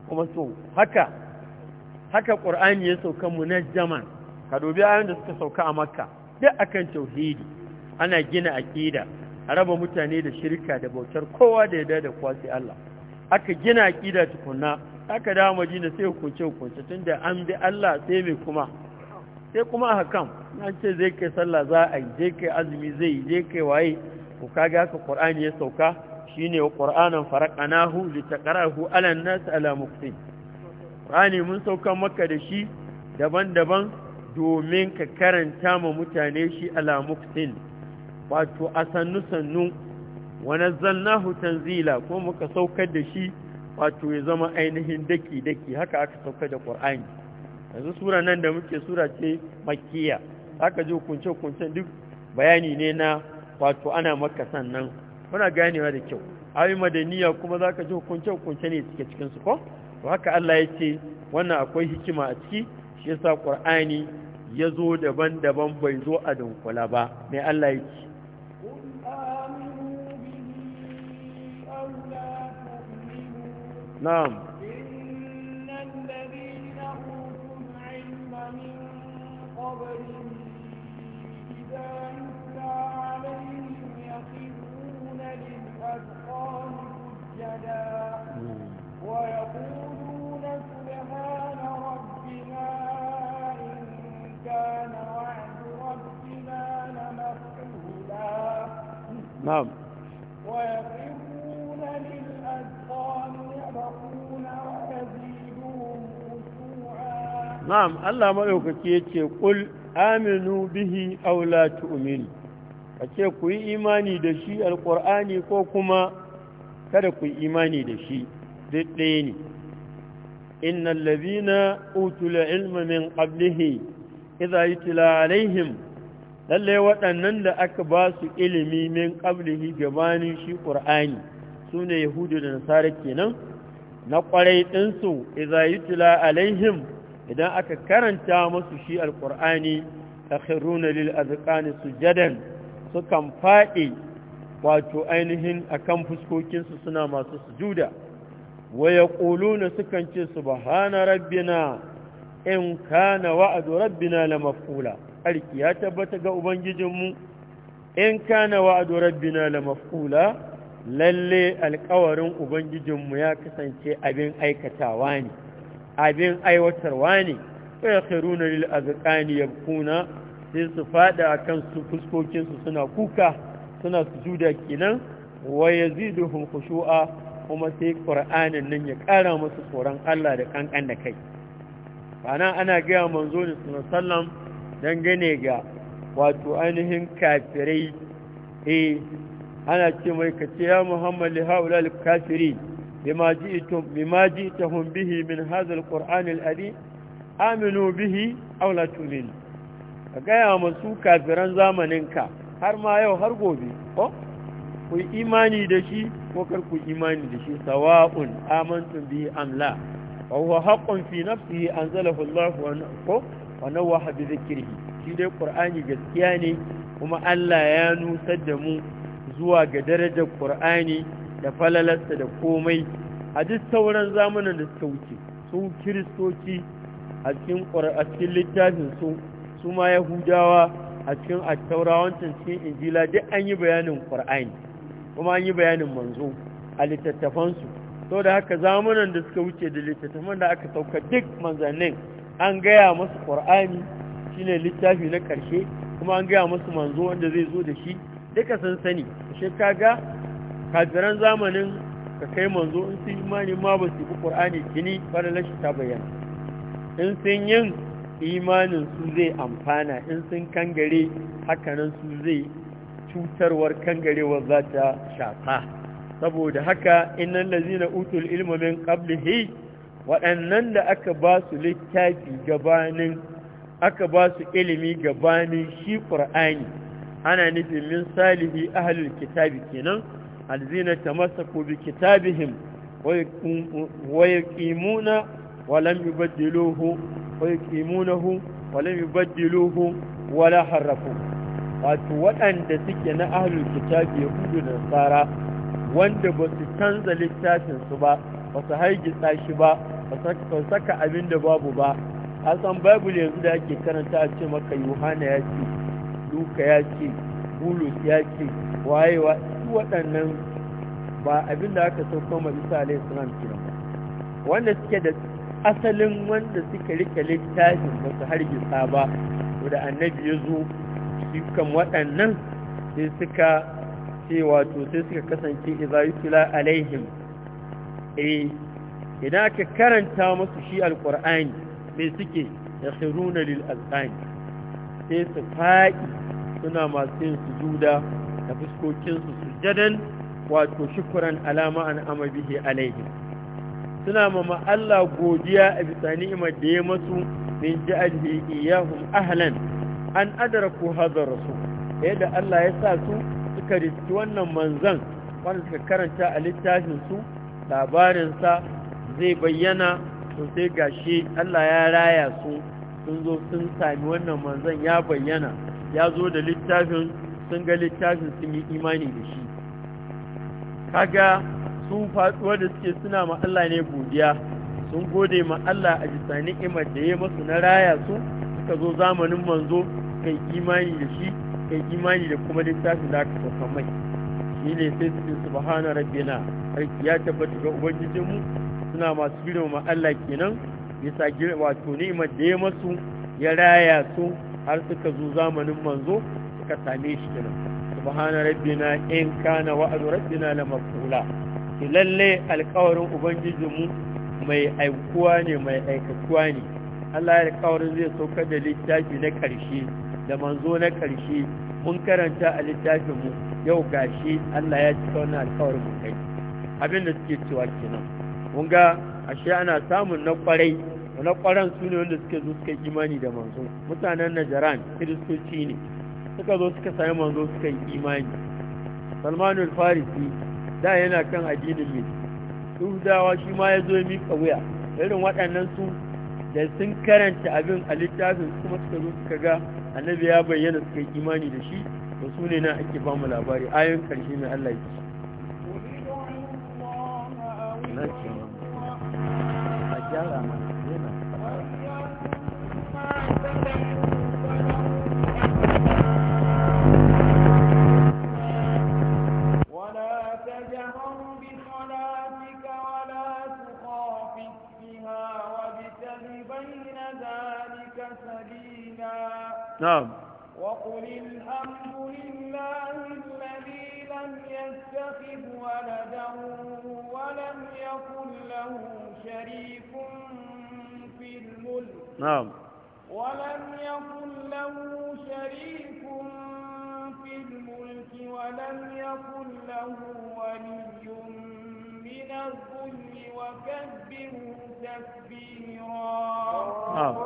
kuma so haka haka ƙur'ani ya sauka mu munajjaman ka dubi ayoyin da suka sauka a makka duk akan tauhidi ana gina aƙida a raba mutane da shirka da bautar kowa da yarda da kwasi Allah aka gina aƙida tukunna aka dawo madina sai hukunce hukunce tunda an bi Allah sai mai kuma sai kuma hakan an ce zai kai sallah za a yi zai kai azumi zai yi zai kai waye ku kaga haka qur'ani ya sauka shine qur'anan faraqanahu litaqrahu ala nas ala muktin qur'ani mun sauka maka da shi daban-daban domin ka karanta ma mutane shi ala muktin wato a sannu sannu wa nazzalnahu tanzila ko muka saukar da shi wato ya zama ainihin daki daki haka aka sauka da qur'ani yanzu sura nan da muke sura ce makkiya aka ji hukunce-hukuncen duk bayani ne na wato ana maka sannan muna ganewa da kyau ayi madaniya kuma zaka ji hukunce hukunce ne suke cikin su ko to haka Allah ya ce wannan akwai hikima a ciki shi yasa Qur'ani ya zo daban-daban bai zo a dunkula ba mai Allah ya ce na'am نعم allah للأذقان يبقون ويزيدهم خشوعا نعم الله ملوكك يتي قل آمنوا به kace ku yi imani da shi alƙur'ani ko kuma kada ku yi imani da shi duk ɗaya ne innal ladina utul ilma min qablihi idza yutla alaihim lalle waɗannan da aka ba su ilimi min ƙablihi gabanin shi su sune yahudu da nasara kenan na ƙwarai ɗinsu yi tula alaihim idan aka karanta masu shi Alƙur'ani, ta takhiruna lil su jadan su kan faɗi wato ainihin akan fuskokinsu suna masu sujuda wa su sukan ce su subhana rabbina in kana wa'du rabbina mafula. arki ya tabbata ga ubangijinmu in kana wa'adu rabbina la maf'ula lalle alkawarin ubangijinmu ya kasance abin aikatawa ne abin aiwatarwa ne Ko ya kai runar lil ya kuna, sai su fada kan su fuskokinsu suna kuka suna su juda kinan? wa ya yaziduhum khushu'a kuma sai qur'anin nan ya kara musu tsoron Allah da kankan da kai ana ana gaya manzo ne sallallahu dangane ga wato ainihin kafirai eh ana ce mai ka ce ya muhammad li haula al kafiri bima ji'tum bima ji'tahum bihi min hadha al qur'an al adi aminu bihi aw la tu'min ka gaya masu kafiran zamanin ka. har ma yau har gobe ko ku imani da shi ko kar ku imani da shi sawa'un amantum bihi am la wa huwa haqqun fi nafsihi anzalahu Allah wa ko wa nawaha bi zikrihi shi dai qur'ani gaskiya ne kuma Allah ya nusar da mu zuwa ga darajar qur'ani da falalarsa da komai a duk sauran zamanin da suka wuce su kiristoci a cikin a littafin su su ma yahudawa a cikin attaurawancin wancan cikin injila duk an yi bayanin qur'ani kuma an yi bayanin manzo a litattafansu. sau da haka zamanin da suka wuce da littattafan da aka sauka duk manzannin an gaya masu ƙur'ani ne littafi na ƙarshe kuma an gaya masu manzo wanda zai zo da shi duka sun sani shi kaga kafiran zamanin ka kai manzo in sun imani ma ba su yi ƙur'ani kini falalar shi ta bayyana in sun yin imanin su zai amfana in sun kangare hakanan su zai cutarwar kangarewar za ta shafa saboda haka innan lazina utul ilmamin min qablihi waɗannan da aka ba su littafi gabanin aka ba su ilimi gabanin shi ƙur'ani ana nufin min salihi ahlul kitabi kenan alzina tamassaku bi kitabihim wa yuqimuna wa lam yubaddiluhu wa yuqimunahu wa lam yubaddiluhu wala la harrafu wato waɗanda suke na ahlul kitabi ya hudu da tsara, wanda ba su canza littafinsu ba ba su hargitsa tsashi ba ka saka abin da babu ba a san bible yanzu da ake karanta a ce maka yohana ya ce luka ya ce bulus ya ce wayewa waɗannan ba abin da aka sauko ma isa alaihi salam ba wanda suke da asalin wanda suka rike littafin ba su hargitsa ba da annabi ya zo shi kan waɗannan sai suka ce wato sai suka kasance iza yutla alaihim eh idan aka karanta musu shi alƙur'ani mai suke da shiruna lil sai su faɗi suna masu yin sujuda da fuskokinsu sujadan wato shukuran alama an ama bihi alaihi suna ma Allah godiya a bisa ni'imar da ya masu min ja'alhi iyahum ahlan an adraku su, rasul yadda Allah ya sa su suka riski wannan manzan wanda suka karanta a littafinsu labarinsa zai bayyana sosai sai gashi Allah ya raya su sun zo sun sami wannan manzon ya bayyana ya zo da littafin sun ga littafin sun yi imani da shi kaga sun faɗuwa da suke suna ma Allah ne godiya sun gode ma Allah a bisa ni'imar da ya masu na raya su suka zo zamanin manzo kai imani da shi kai imani da kuma littafin da aka sauka mai shi ne sai su subhana rabbina ya tabbata ga ubangijinmu suna masu girma Allah kenan bisa wato ni'imar da ya masu ya raya su har suka zo zamanin manzo suka same shi kenan subhana rabbina in kana wa'adu rabbina Ki lalle alƙawarin ubangijinmu mai aikuwa ne mai aikatuwa ne Allah ya alƙawarin zai sauka da littafi na ƙarshe da manzo na ƙarshe mun karanta a littafinmu yau gashi Allah ya cika wannan alƙawarin mu kai abin da suke cewa kenan mun ga ashe ana samun na kwarai na kwaran su ne wanda suka zo suka yi imani da manzo mutanen najaran kiristoci ne suka zo suka sami manzo suka yi imani salmanul farisi da yana kan addinin mai yahudawa shi ma ya zo ya miƙa wuya irin waɗannan su da sun karanta abin a littafin kuma suka zo suka ga annabi ya bayyana suka yi imani da shi da su ne na ake ba labari ayon ƙarshe mai allah ya ce نعم وقل الحمد لله الذي لم يتخذ ولدا ولم يكن له شريك في الملك نعم ولم يكن له شريك في الملك ولم يكن له ولي من الظلم وكبره تكبيرا نعم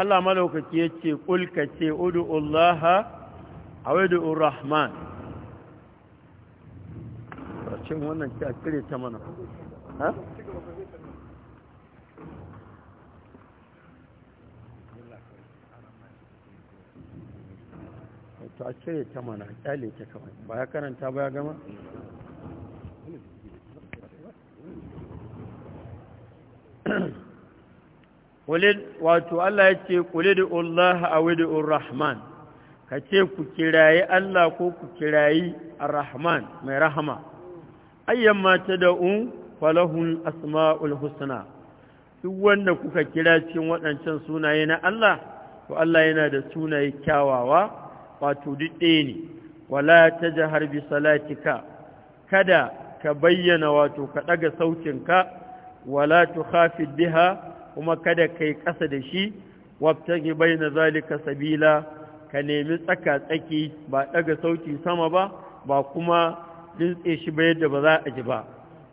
Allah malaukaki ya ce ƙulka ce Allah a wadu'ur rahman cin wannan ce a ta mana ha? Ta a ta mana a kyale ta kawai ba ya karanta ba ya gama? wato Allah ya ce kuli Allah a wadi Rahman ka ku kirayi Allah ko ku kirayi Rahman mai rahama ayyan mata da un falahun asma'ul husna duk wanda kuka kira cikin waɗancan sunaye na Allah to Allah yana da sunaye kyawawa wato duk ne wala ta jahar bi salatika kada ka bayyana wato ka ɗaga sautinka wala tu khafid biha kuma kada kai ƙasa da shi wabtagi baina zalika sabila ka nemi tsaka tsaki ba ɗaga sauti sama ba ba kuma dintse shi ba yadda ba za a ji ba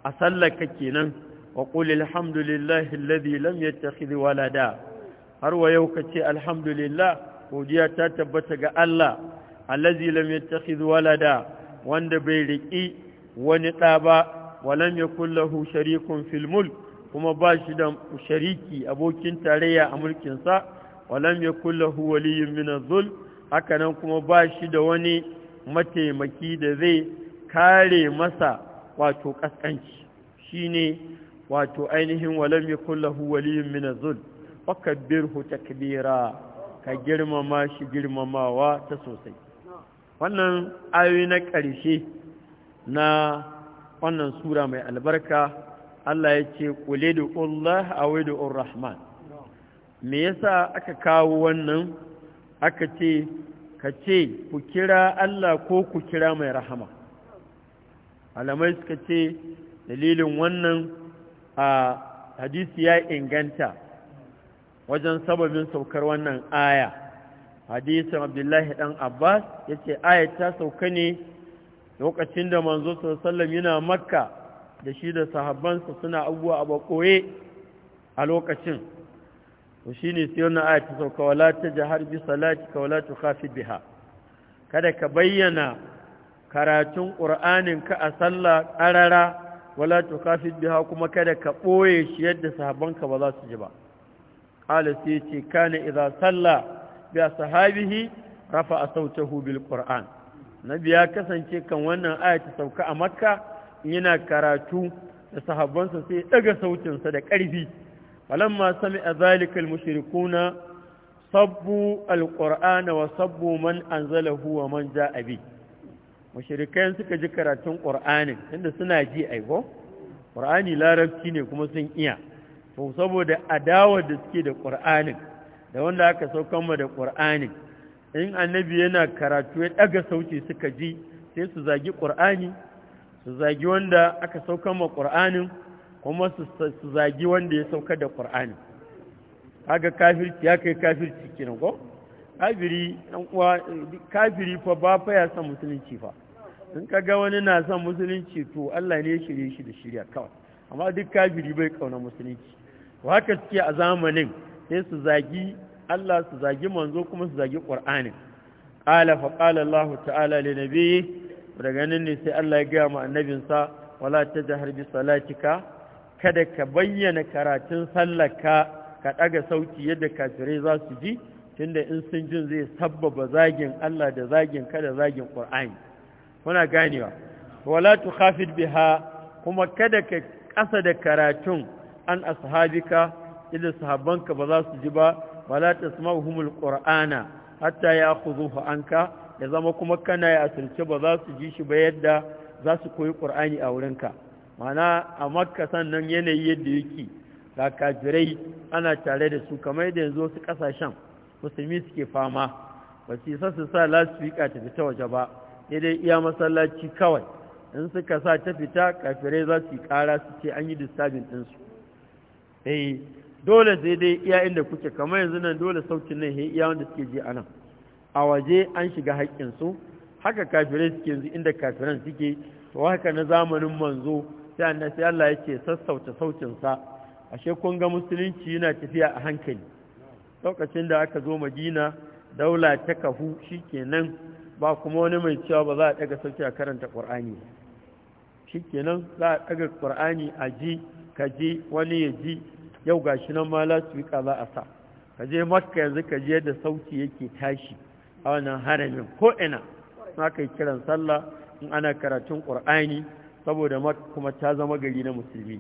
a sallaka kenan wa qul alhamdulillahi alladhi lam yattakhidh walada har wa yau kace alhamdulillah godiya ta tabbata ga Allah allazi lam yattakhidh walada wanda bai riki wani ɗa ba walam yakul lahu sharikun fil mulk kuma ba shi da shariki abokin tarayya a mulkinsa walam ya kullahu waliyyun min zul haka kuma ba shi da wani mataimaki da zai kare masa wato kaskanci shine wato ainihin walam ya kulla waliyyun min zul fakabbirhu takbira ka girmama shi girmamawa ta sosai wannan ayoyi na ƙarshe na wannan sura mai albarka Allah ya ce kule da Allah a wai da Rahman me yasa aka kawo wannan aka ce ka ce ku kira Allah ko ku kira mai rahama alamai suka ce dalilin wannan a hadisi ya inganta wajen sababin saukar wannan aya Hadisun abdullahi ɗan abbas ya ce aya ta sauka ne lokacin da manzo sallallahu yana makka da shi da sahabbansa suna abubuwa a bakoye a lokacin to shi ne sai wannan ayat ta sauka wala ta jahar bi salati ka wala biha kada ka bayyana karatun qur'anin ka a sallah qarara wala tukhafi biha kuma kada ka ɓoye shi yadda sahabbanka ba za su ji ba qala sai ce kana idza salla bi sahabihi rafa sautahu bil qur'an nabi ya kasance kan wannan ayat ta sauka a makka yana karatu da sahabbansa sai daga sautinsa da ƙarfi falamma sami zalikal mushrikuna sabbu alqur'ana wa sabbu man anzalahu wa man ja'a bi mushrikai suka ji karatun ƙur'anin inda suna ji aiko qur'ani larabci ne kuma sun iya to saboda adawar da suke da ƙur'anin, da wanda aka saukan ma da ƙur'anin, in annabi yana karatu ya daga sauti suka ji sai su zagi ƙur'ani? su zagi wanda aka sauka ma ƙur'anin kuma su zagi wanda ya sauka da ƙur'anin aga kafirci ya kai kafirci kenan ko kafiri kafiri fa ba fa ya san musulunci fa in ka ga wani na san musulunci to Allah ne ya shirye shi da shirya kawai amma duk kafiri bai kauna musulunci to haka suke a zamanin sai su zagi Allah su zagi manzo kuma su zagi Qur'anin qala fa ƙala Allah ta'ala li nabiyyi daga nan ne sai Allah ya gaya ma annabinsa wala tajhar bi salatika kada ka bayyana karatun sallarka ka daga sauti yadda kafirai za su ji tunda in sun jin zai sabbaba zagin Allah da zagin ka da zagin Qur'ani kuna ganewa wala tukhafid biha kuma kada ka kasa da karatun an ashabika idan sahabbanka ba za su ji ba wala tasma'uhumul qur'ana hatta ya'khudhuhu anka ya zama kuma kana ya asirce ba za su ji shi ba yadda za su koyi ƙur'ani a wurinka mana a makka sannan yanayi yadda yake ga kafirai ana tare da su kamar yadda yanzu wasu ƙasashen musulmi suke fama ba su isa su sa lasfika ta fita waje ba sai dai iya masallaci kawai in suka sa ta fita kafirai za su yi ƙara su ce an yi disturbing ɗinsu eh, dole sai dai iya inda kuke kamar yanzu nan dole sautin nan ya iya wanda suke je a nan a waje an shiga haƙƙinsu haka kafirai suke yanzu inda kafiran suke to haka na zamanin manzo sai annabi Allah yake sassauta saukin sa ashe kun ga musulunci yana tafiya a hankali lokacin da aka zo Madina daula ta kafu shikenan ba kuma wani mai cewa ba za a daga sauki a karanta Qur'ani shikenan za a daga Qur'ani a ji ka ji wani ya ji yau gashi nan ma lasu week za a sa ka je Makka yanzu ka ji yadda sauti yake tashi a wannan haramin ko'ina ka yi kiran sallah in ana karatun ƙur'ani saboda kuma ta zama gari na musulmi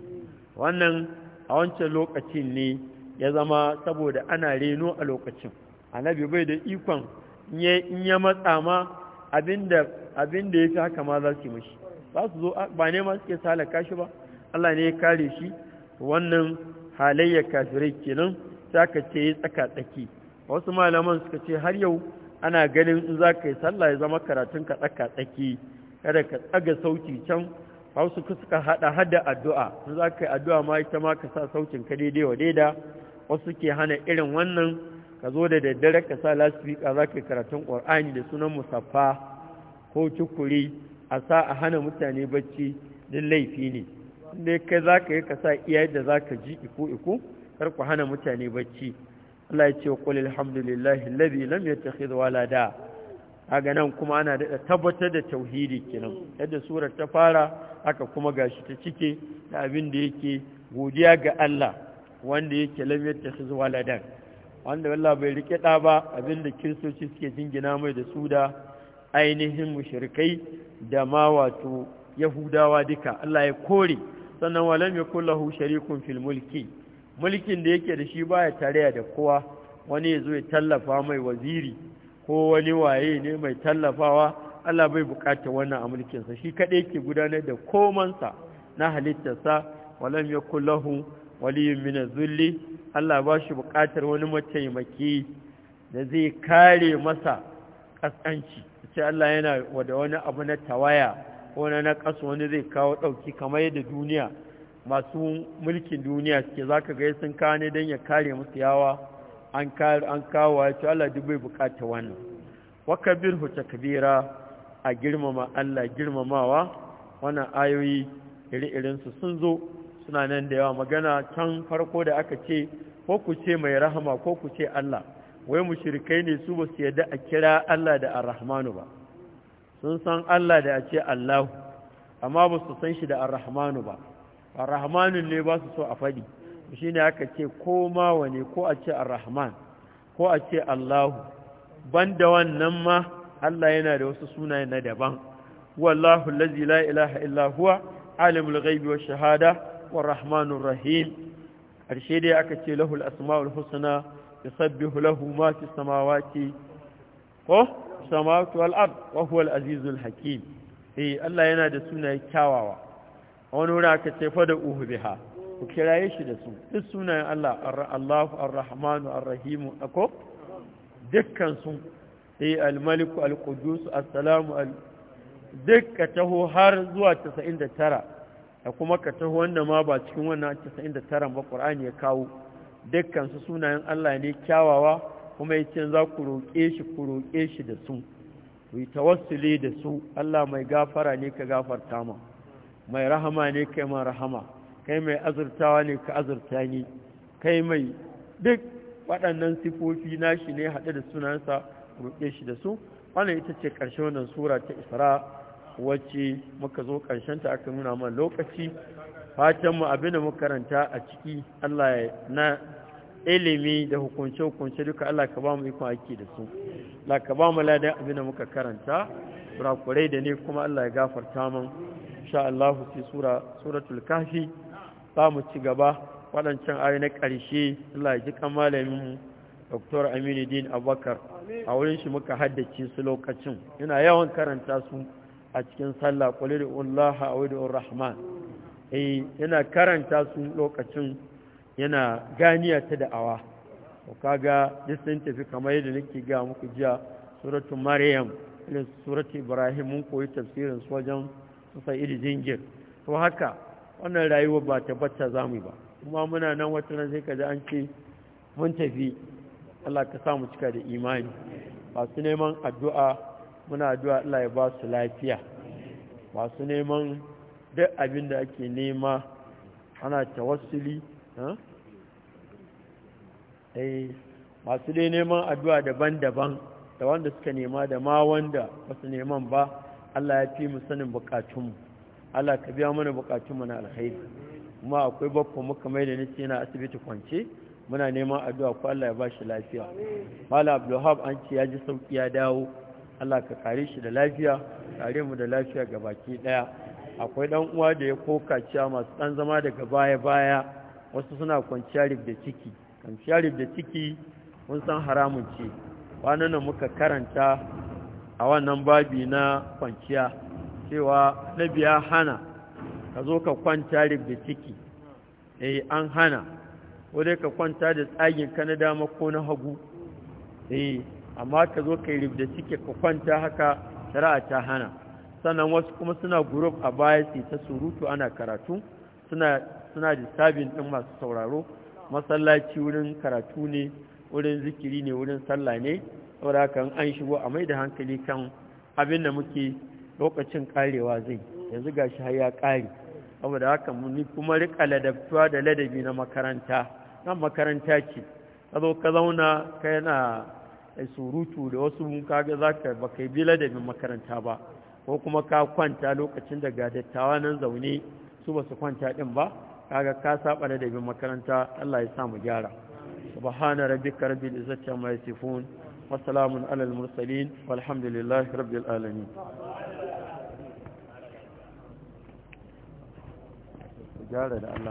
wannan a wancan lokacin ne ya zama saboda ana reno a lokacin annabi bai da ikon in ya matsa ma abinda ya fi haka ma za su mashi za su zo ba ne ma suke salaka shi ba Allah ne ya kare shi wannan halayyar kafirai kenan ta ka ce tsaka tsaki wasu malaman suka ce har yau ana ganin in za ka yi sallah ya zama karatun ka tsaka tsaki kada ka tsaga sauti can hausu ka suka hada hada addu'a in za ka yi addu'a ma ita ma ka sa sautin ka daidai wa daida wasu ke hana irin wannan ka zo da daddare ka sa lasifika za ka yi karatun ƙwar'ani da sunan musaffa ko cukuri a sa a hana mutane bacci don laifi ne inda kai za ka yi ka sa iyayen da za ka ji iko iko kar ku hana mutane bacci Allah ya ce qul alhamdulillahi alladhi lam yattakhidh walada haga nan kuma ana da tabbatar da tauhidi kenan yadda surar ta fara haka kuma gashi ta cike da abin da yake godiya ga Allah wanda yake lam yattakhidh waladan wanda Allah bai rike da ba abin da kiristoci suke jingina mai da su da ainihin mushrikai da ma wato yahudawa duka Allah ya kore sannan walam yakul lahu sharikun fil mulki mulkin da yake da shi baya tarayya da kowa wani ya zo ya tallafa mai waziri ko wani waye ne mai tallafawa Allah bai bukata wannan a mulkinsa shi kaɗai ke gudanar da komansa na halittarsa walam ya kullahu waliyun min zulli Allah ba shi bukatar wani mataimaki da zai kare masa ƙasƙanci sai Allah yana wada wani abu na tawaya ko na naƙas wani zai kawo ɗauki kamar yadda duniya masu mulkin duniya suke za ka gai sun kane don ya kare musu yawa an kawo ya ce Allah duk bai bukata wannan wakabir huta kabira a girmama Allah girmamawa wannan ayoyi iri-irinsu sun zo suna nan da yawa magana can farko da aka ce ko ku ce mai rahama ko ku ce Allah wai mu shirkai ne su ba su yarda a kira Allah da arrahmanu ba sun san Allah da a ce Allahu amma ba su san shi da arrahmanu ba arrahmanun ne ba su so a faɗi shi ne aka ce ko ma wane ko a ce arrahman ko a ce allahu ban da wannan ma allah yana da wasu sunaye na daban wallahu lazi la ilaha illa alimul ghaibi wa shahada wa rahmanur rahim ƙarshe dai aka ce lahul asma'ul husna yusabbihu lahu masu samawa ce. ko samawati wal ard azizul hakim eh Allah yana da sunaye kyawawa a wani wuri aka ce fada uhu biha ku kiraye shi da su duk sunayen Allah Allahu Ar-Rahmanu Ar-Rahim ako dukkan su eh al-Malik al-Qudus assalamu al duk taho har zuwa 99 da kuma ka taho wanda ma ba cikin wannan 99 ba Qur'ani ya kawo dukkan su sunayen Allah ne kyawawa kuma yace za ku roƙe shi ku roƙe shi da su ku tawassuli da su Allah mai gafara ne ka gafarta mu mai rahama ne kai ma rahama kai mai azurtawa ne ka azurta ni kai mai duk waɗannan sifofi nashi ne haɗe da sunansa roƙe shi da su wannan ita ce ƙarshen wannan sura ta isra wacce muka zo ta aka nuna mana lokaci fatan mu abin da muka karanta a ciki Allah ya na ilimi da hukunce-hukunce duka Allah ka ba mu ikon aiki da su Allah ka ba mu ladan abin da muka karanta kurakurai da ne kuma Allah ya gafarta mun insha Allah fi sura suratul kahfi mu ci gaba wadancan ayoyi na ƙarshe Allah ya ji mu Dr. Aminu Din Abubakar a wurin shi muka haddace su lokacin ina yawan karanta su a cikin sallah qul huwallaha ahadun rahman eh yana karanta su lokacin yana ganiya ta da'awa to kaga duk tafi kamar yadda nake ga muku jiya suratul maryam irin suratul ibrahim mun koyi tafsirin su wajen su iri jingir to haka wannan rayuwar ba tabbata za mu ba kuma muna nan wata ran sai kaji an ce mun tafi Allah ka samu cika da imani masu neman addu'a muna addu'a Allah ya ba su lafiya masu neman duk abin da ake nema ana tawassuli eh masu dai neman addu'a daban-daban da wanda suka nema da ma wanda su neman ba Allah ya fi mu sanin bukatunmu Allah ka biya mana bukatunmu na alkhairi kuma akwai babban muka mai da nace yana asibiti kwance muna neman addu'a ko Allah ya ba shi lafiya Malam Abdulhab an ce ya ji sauki ya dawo Allah ka kare shi da lafiya kare mu da lafiya ga baki daya akwai dan uwa da ya koka cewa masu dan zama daga baya baya wasu suna kwanciya da ciki kwanciya da ciki mun san haramun ce kwanan nan muka karanta a wannan babi na kwanciya cewa Nabiya biya hana ka zo ka kwanta da ciki eh an hana Ko dai ka kwanta da tsagin ka na dama ko na hagu eh amma ka zo ka yi da ciki ka kwanta haka shari'a ta hana sannan wasu kuma suna group a baya su ta surutu ana karatu suna suna disturbing din masu sauraro masallaci wurin karatu ne wurin zikiri ne wurin sallah ne saboda haka an shigo a mai da hankali kan abin da muke lokacin karewa zai yanzu gashi har ya kare saboda haka ni kuma rika ladabtuwa da ladabi na makaranta nan makaranta ce ka zo ka zauna ka yana surutu da wasu mun kaga zaka ba kai bi ladabin makaranta ba ko kuma ka kwanta lokacin da ga dattawa nan zaune su ba su kwanta din ba kaga ka saba ladabin makaranta Allah ya sa mu gyara subhana rabbika rabbil izzati amma yasifun وسلام على المرسلين والحمد لله رب العالمين جارة الله